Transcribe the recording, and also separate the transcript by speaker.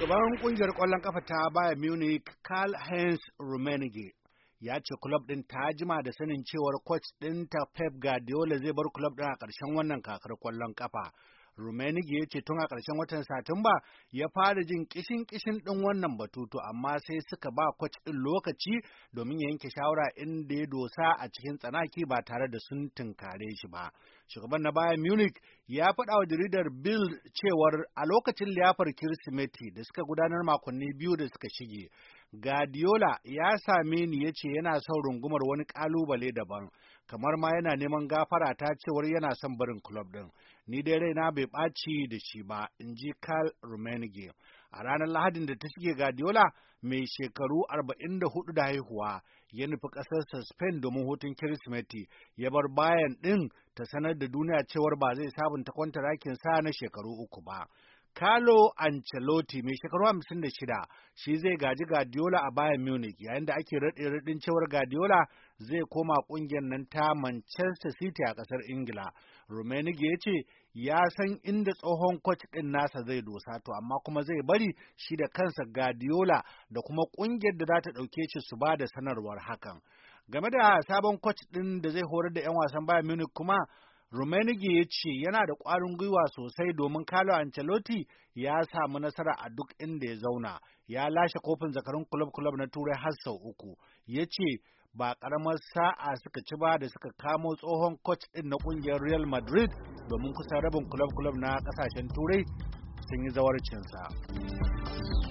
Speaker 1: Shugaban kungiyar ƙwallon kafa ta Bayern Munich, Karl-Heinz Rummenigge, ya ce club din ta jima da sanin cewar coach ɗinta Pep Guardiola zai bar club din a ƙarshen wannan kakar kwallon kafa Rumenigi ya ce tun a ƙarshen watan Satumba ya fara jin kishin kishin ɗin wannan batutu amma sai suka ba kwac ɗin lokaci domin ya yanke shawara inda ya dosa a cikin tsanaki ba tare da sun tunkare shi ba. Shugaban na Bayern Munich ya faɗa wa jaridar Bild cewar a lokacin liyafar Kirsimeti da suka gudanar makonni biyu da suka shige Guardiola ya same ni ya ce yana son rungumar wani ƙalubale daban, kamar ma yana neman gafara ta cewar yana son barin club din. Ni dai raina bai ɓaci da shi ba, in ji Karl Rummenigge. A ranar Lahadin da ta shige Guardiola mai shekaru 44 da haihuwa ya nufi ƙasarsa Spain domin hutun Kirsimeti ya bar bayan ɗin ta sanar da duniya cewar ba zai sabunta kwantarakin sa na shekaru uku ba. Carlo Ancelotti mai shekaru 56 shi zai gaji Guardiola a Bayern Munich yayin da ake raɗe-raɗin cewar Guardiola zai koma ƙungiyar nan ta Manchester City a ƙasar Ingila. Rummenigge ya ce ya san inda tsohon coach ɗin nasa zai dosa to amma kuma zai bari shi da kansa Guardiola da kuma ƙungiyar da za ta ɗauke shi su ba da sanarwar hakan. Game da sabon coach ɗin da zai horar da 'yan wasan Bayern Munich kuma Rumenige ya ce yana da ƙwarin gwiwa sosai domin Carlo Ancelotti ya samu nasara a duk inda ya zauna, ya lashe kofin zakarun kulob-kulob na Turai har sau uku. Ya ce ba ƙaramar sa'a suka ci ba da suka kamo tsohon coach ɗin na ƙungiyar Real Madrid domin kusan rabin kulob-kulob na ƙasashen Turai sun yi zawarcinsa.